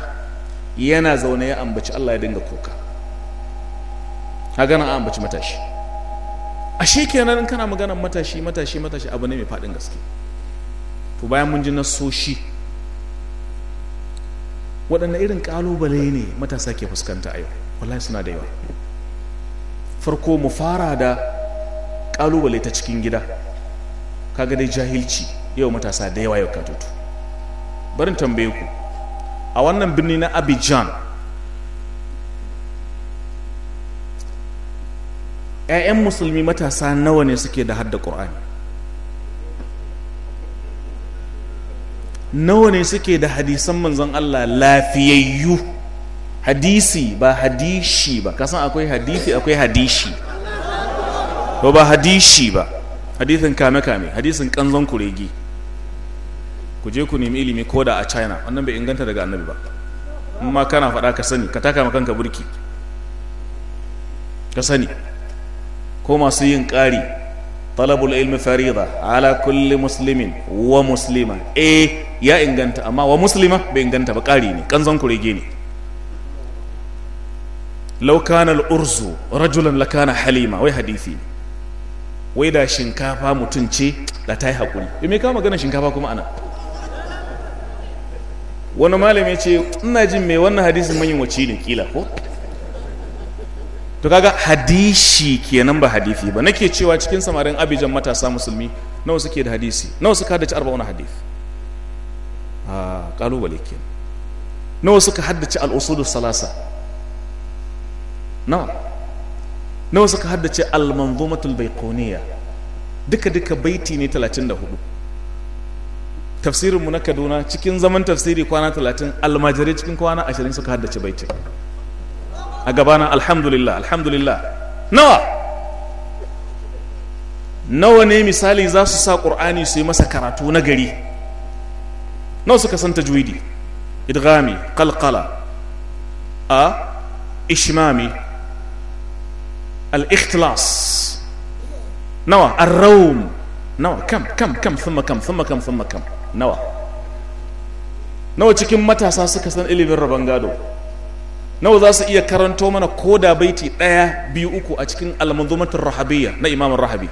yana zaune ya ambaci Allah ya dinga kuka hagana an ambaci matashi a kenan in kana maganar matashi matashi matashi abu ne mai faɗin gaske to bayan mun ji nasoshi waɗanne irin ƙalubale ne matasa ke fuskanta a yau wallahi suna da yawa farko mu fara da ƙalubale ta cikin gida kaga dai jahilci yau matasa da yawa yau katutu barin tambaye ku a wannan birni na Abijan ‘ya'yan musulmi matasa nawa ne suke da hadda ƙur'ani nawa ne suke da hadisan manzon Allah lafiyayyu hadisi ba hadishi ba kasan akwai hadisi akwai hadishi ba ba hadishi ba hadisin kame-kame hadisin kanzon kuregi ku je ku nemi ilimi ko da a china wannan bai inganta daga annabi ba amma kana faɗa ka sani ka taka kanka burki ka sani ko masu yin ƙari talabul ilmi farida ala kulli muslimin wa muslima eh ya inganta amma wa muslima bai inganta ba ƙari ne kanzan kurege ne law kana al-urzu rajulan lakana halima wai hadisi wai da shinkafa mutum da ta yi haƙuri me ka magana shinkafa kuma ana wani malami ce ina jin mai wannan hadisin manyan wace ne kila to kaga hadishi kenan ba hadisi ba nake cewa cikin samarin abijan matasa musulmi nawa suke da hadisi nawa suka haddace arba'una hadith a ah, kalubale kenan nawa suka haddace al'usudu usul salasa nawa nawa suka haddace al-manzumatul baiquniya duka duka baiti ne 34 tafsirin mu na Kaduna cikin zaman tafsiri kwana 30 almajiri cikin kwana 20 suka haddace baitin a gabana alhamdulillah alhamdulillah nawa nawa ne misali za su sa ƙur'ani su yi masa karatu na gari nawa suka san tajwidi idgami kalkala a Ishimami. al-ikhtilas nawa arraum nawa kam kam kam thumma kam thumma kam thumma kam nawa nawa cikin matasa suka san ilimin rabon gado nawa za su iya karanto mana ko da baiti ɗaya biyu uku a cikin almanzumatin rahabiyya na imamin rahabi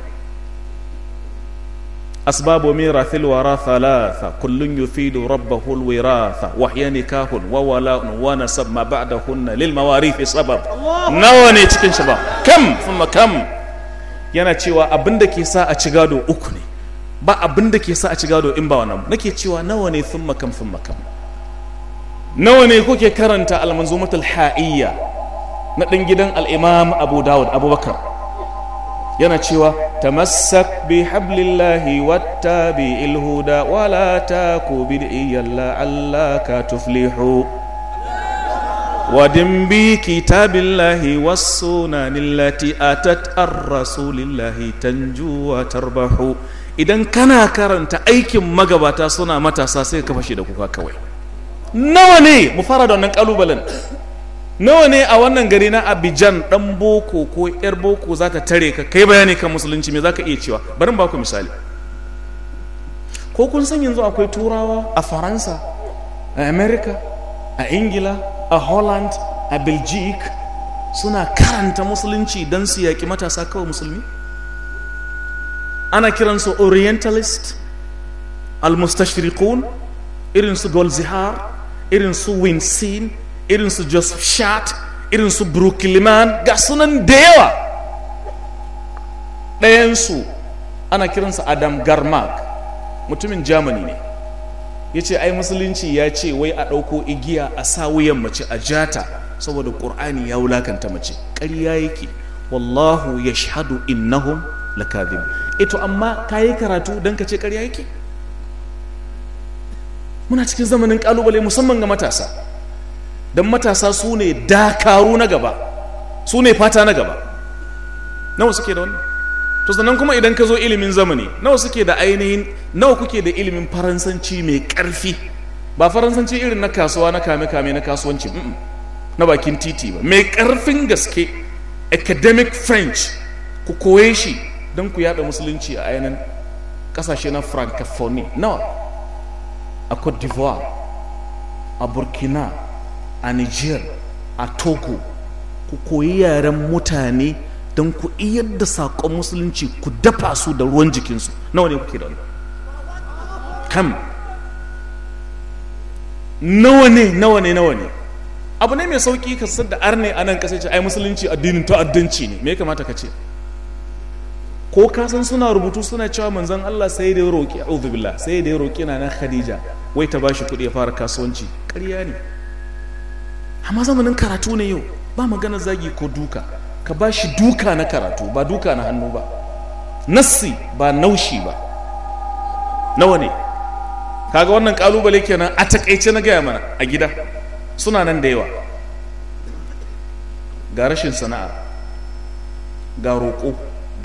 asbabu min mirathil wara thalatha kullun yufidu rabbahu alwiratha wa hiya nikahun wa wala'un wa nasab ma ba'dahunna lil mawarithi sabab nawa ne cikin shi ba kam thumma kam yana cewa abinda ke sa a ci gado uku ne ba abinda ke sa a ci gado in ba wannan nake cewa nawa ne thumma kam thumma kam nawa ne kuke karanta almanzumatul ha'iyya na ɗan gidan al'imam abu dawud abubakar yana cewa tamassak bi hablillahi wata bi ilhuda wala ta ku bid'iyyar la'allaka tuflihu wadin bi kitabillahi wasu na nillati a tattar rasulillahi tanjuwa tarbahu idan kana karanta aikin magabata suna matasa sai ka fashe da kuka kawai nawa ne mu fara da wannan kalubalen nawa ne a wannan gari na abijan dan boko ko yar boko za ta tare ka kai bayani kan musulunci me za ka iya cewa bari ba ku misali ko kun san yanzu akwai turawa a faransa a america a ingila a holland a belgic suna karanta musulunci don su yaƙi matasa kawai musulmi ana kiransu orientalist al-mustashriqun irin su golzihar irin su winsin irin su joseph shat irin su brookliman ga sunan da yawa ɗayansu ana kiransa adam garmak mutumin germany ne ya ce ai musulunci ya ce wai a ɗauko igiya a sa wuyan mace a jata saboda ƙur'ani ya wulakanta mace ƙarya yake wallahu ya shahadu innahum lakadhib ito amma ka yi karatu don ka ce ƙarya yake muna cikin zamanin kalubale musamman ga matasa don matasa su ne dakaru na gaba su ne fata na gaba nawa suke da wannan to sannan kuma idan ka zo ilimin zamani nawa suke da ainihin nawa kuke da ilimin faransanci mai karfi ba faransanci irin na kasuwa na kame-kame na kasuwanci na bakin titi ba mai karfin gaske academic french ku koye shi don ku yada musulunci a ainihin kasashe na francophonie nawa a Côte d'Ivoire, a Burkina, a Niger, a Togo, ku koyi yaren mutane don ku iya da saƙon musulunci ku dafa su da ruwan jikinsu nawa ne kuke da kam nawa ne nawa ne nawa ne abu ne mai sauƙi ka da arne a nan kasance ai musulunci addinin ta'addanci ne me ya kamata ka ce ko ka san suna rubutu suna cewa manzon Allah sai da ya roƙi sai da ya na Khadija wai ta bashi kuɗi ya fara kasuwanci ƙarya ne amma zamanin karatu ne yau ba magana zagi ko duka ka bashi duka na karatu ba duka na hannu ba nassi ba naushi ba nawa ne kaga wannan kalubale kenan a takaice na gaya mana a gida suna nan da yawa ga rashin sana'a ga roƙo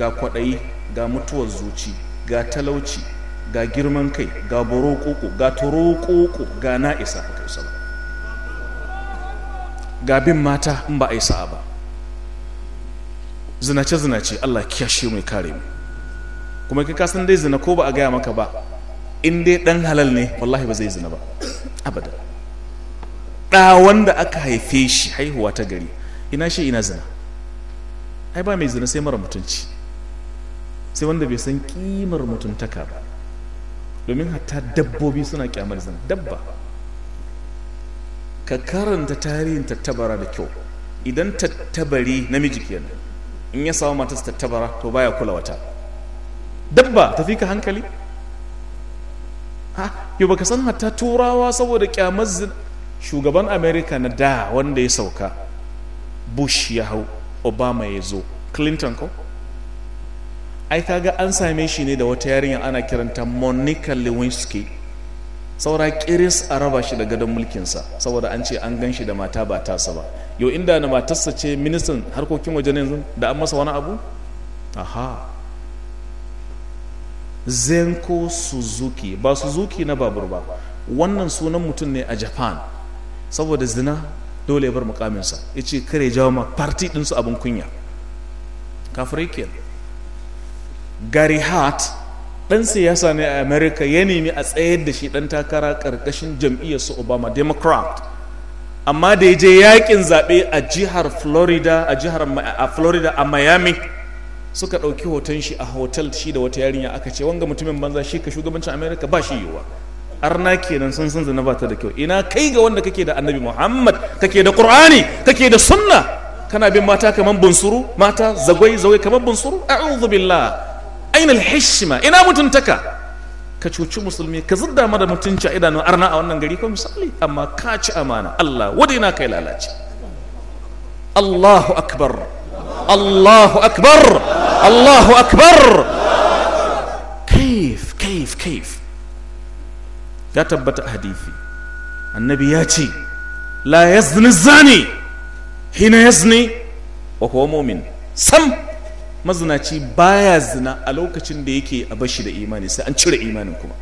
ga kwaɗayi ga mutuwar zuci ga talauci ga girman kai ga borokoko ga torokoko ga na'isa a isa ba ga bin mata in ba a isa ba zinace-zinace allah kiyashe mai kare mu kuma ka san dai zina ko ba a gaya maka ba in dai dan halal ne wallahi ba zai zina ba abada ɗa wanda aka haife shi haihuwa ta gari ina shi ina zina ai ba mai zina sai mara mutunci sai wanda bai san kimar mutuntaka ba domin hatta dabbobi suna kyamar zan dabba ka karanta tarihin tattabara da kyau idan tattabari namiji kenan in ya samu matas tattabara to baya kula wata dabba tafi ka hankali ha yau baka san hatta turawa saboda kyamar shugaban america na da wanda ya sauka bush ya hau obama ya zo clinton ko ai kaga an same shi ne da wata yarinya ana kiranta monica lewinsky saura kiris a raba shi da gadon mulkinsa saboda an ce an gan shi da mata ba tasa ba yau inda na matarsa ce ministan harkokin wajen yanzu da an masa wani abu aha zenko suzuki ba suzuki na babur ba wannan sunan mutum ne a japan saboda zina dole ya bar mukaminsa ya ce kare jawo ma parti ɗinsu abin kunya kafirai kenan gary hart ɗan siyasa ne a america ya nemi a tsayar da shi ɗan takara ƙarƙashin su obama democrat amma da ya je yakin zaɓe a jihar florida a jihar a florida a miami suka ɗauki hoton shi a hotel shi da wata yarinya aka ce wanga mutumin banza shi ka shugabancin america ba shi yiwuwa arna kenan sun san zina ba ta da kyau ina kai ga wanda kake da annabi muhammad kake da qur'ani kake da sunna kana bin mata kamar bunsuru mata zagwai zagwai kamar bunsuru a'udhu billah أين الحشمة إنا متنتكا كتشوتشو مسلمي كزدا مرة متنشا إذا أرنا أو نغريكو مسالي أما كاتش أمانة الله ودينا لاج الله أكبر الله أكبر الله أكبر كيف كيف كيف يا تبت حديثي النبي ياتي لا يزني الزاني حين يزني وهو مؤمن سم mazinaci baya zina a lokacin da yake a bashi da imani sai an cire imanin kuma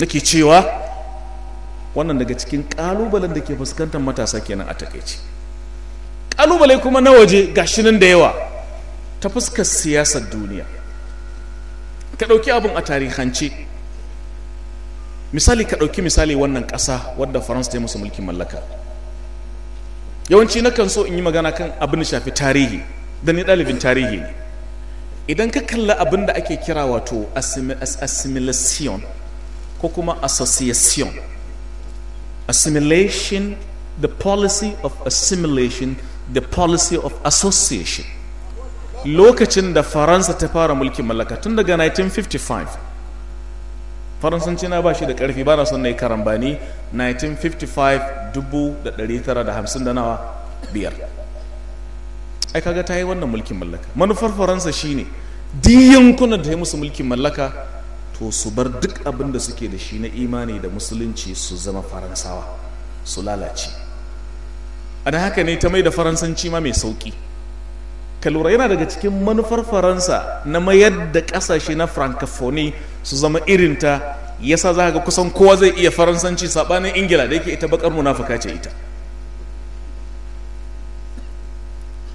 nake cewa wannan daga cikin kalubalen da ke fuskantar matasa kenan a takaici kalubale kuma na waje gashi nan da yawa ta fuskar siyasar duniya ka ɗauki abin a tarihance misali ka ɗauki misali wannan ƙasa wadda faransa ta yi musu mulkin mallaka yawanci na kan so in yi magana kan abin da shafi tarihi da ni ɗalibin tarihi ne idan ka kalla abin da ake kira wato assimilation ko kuma association assimilation the policy of assimilation the policy of association lokacin da faransa ta fara mulkin mallaka tun daga 1955 faransanci na ba shi da karfi ba na son na yi karambani 1955 dubu da da da tara hamsin nawa biyar ai kaga ta yi wannan mulkin mallaka manufar faransa shine duk yankunan da ya musu mulkin mallaka to su bar duk abin da suke da shi na imani da musulunci su zama faransawa su lalace ana haka ne ta mai da faransanci ma mai sauki ka lura yana daga cikin manufar faransa na mayar da kasashe na francophonie su zama irinta yasa za ga kusan kowa zai iya faransanci saɓanin ingila da yake ita bakar munafuka ce ita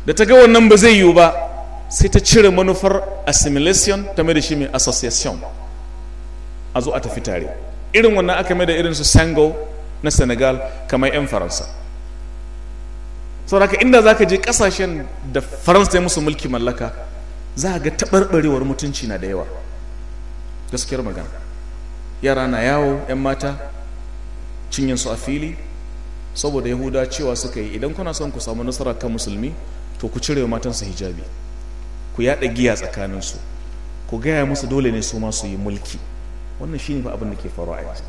da ta ga wannan ba zai yiwu ba sai ta cire manufar assimilation ta mai da shi mai association a zo a tafi tare irin wannan aka mai da irin su sango na senegal kamar 'yan faransa sauraka inda za ka je kasashen da faransa ya musu mulki mallaka za a ga taɓarɓarewar mutunci na da yawa gaskiyar magana yara na yawo 'yan mata cinyin su a fili saboda yahuda cewa suka yi idan kuna son ku samu nasara kan musulmi to ku cire matansu hijabi ku yada giya tsakanin su ku gaya musu dole ne su ma su yi mulki wannan shine fa abin da ke faru a yanzu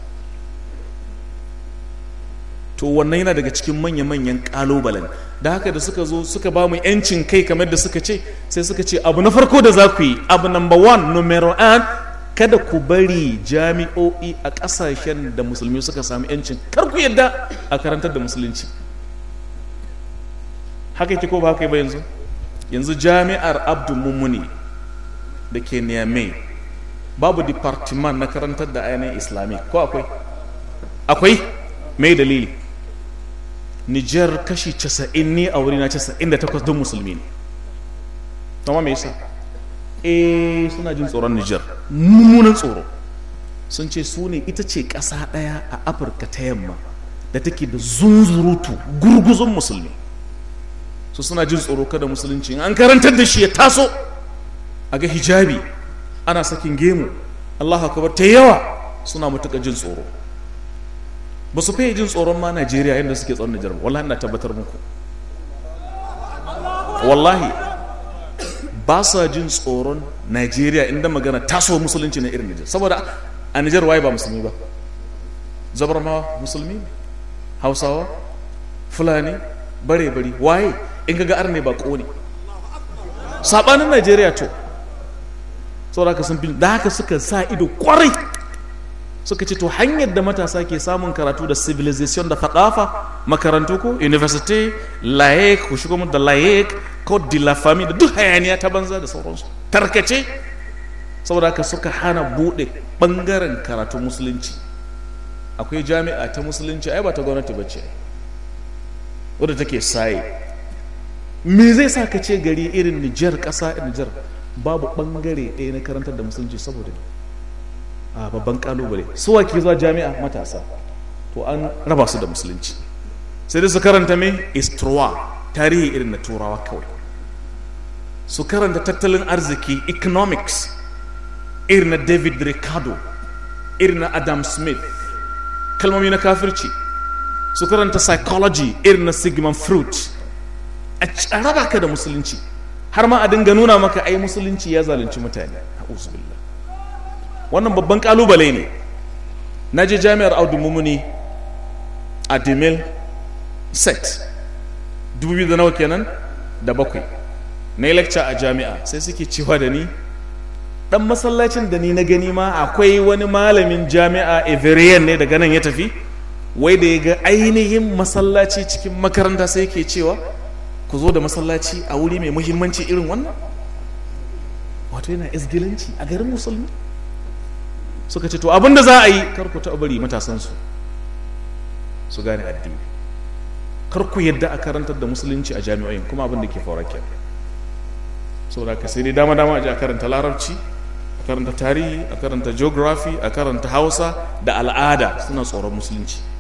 to wannan yana daga cikin manya-manyan kalobalen da haka da suka zo suka ba mu yancin kai kamar da suka ce sai suka ce abu na farko da za ku yi abu number one numero an kada ku bari jami'o'i a ƙasashen da musulmi suka samu yancin kar ku yadda a karantar da musulunci haka ita ko ba haka ba yanzu yanzu jami'ar abdu mummuni da ke niamey babu departiman na karantar da ainihin islami ko akwai akwai mai dalili nijar kashi casa'in ne a wuri na takwas don musulmi ne tamam me yasa eh suna jin tsoron nijar mummunan tsoro sun ce su ne ita ce ƙasa ɗaya a afirka ta yamma da take da zunzurutu gurguzun musulmi su suna jin tsoro kada musulunci an karantar da shi ya taso a ga hijabi ana sakin gemu Allah akabar ta yawa suna matuƙa jin tsoro ba su fiye jin tsoron ma Najeriya yadda suke tsoron Nijar ba wallahi ina tabbatar muku wallahi ba sa jin tsoron Najeriya inda magana taso musulunci na irin Nijar saboda a Nijar waye ba musulmi ba Zabar ma musulmi hausawa fulani bare-bari waye in ga ga'ar ne bako ne sabanin najeriya to saboda haka sun da haka suka sa ido kwarai suka ce to hanyar da matasa ke samun karatu da civilization da faɗafa makarantu ko university laik ku shigo da laik ko de la famille da duk hayaniya ta banza da sauransu tarkace saboda haka suka hana buɗe ɓangaren karatun musulunci akwai jami'a ta musulunci ai ba ta gwamnati ba ce wadda take saye me zai sa ka ce gari irin nijar ƙasa nijar babu ɓangare ɗaya na karantar da musulunci saboda a babban kalubale suwa ke zuwa jami'a matasa to an raba su da musulunci sai dai su karanta me istrowa tarihi irin na turawa kawai su karanta tattalin arziki economics irin na david ricardo irin na adam smith kalmomi na kafirci su karanta psychology irin na sigmund frut. a raba ka da musulunci har ma a dinga nuna maka ai musulunci ya zalunci mutane wannan babban kalubale ne na je jami'ar audu mumuni a demil set 2009 kenan da bakwai na yi lecture a jami'a sai suke cewa da ni dan masallacin da ni na gani ma akwai wani malamin jami'a everian ne daga nan ya tafi wai da ya ga ainihin masallaci cikin makaranta sai ke cewa ku zo da masallaci a wuri mai muhimmanci irin wannan wato yana izgilanci a garin musulmi suka ce to abinda za a yi karku ta bari matasansu su gane addini karku yadda a karantar da musulunci a jami'o'in kuma abin da ke faruwa ke saboda ka sai dai dama dama a karanta larabci a karanta tarihi a karanta geography a karanta hausa da al'ada suna tsoron musulunci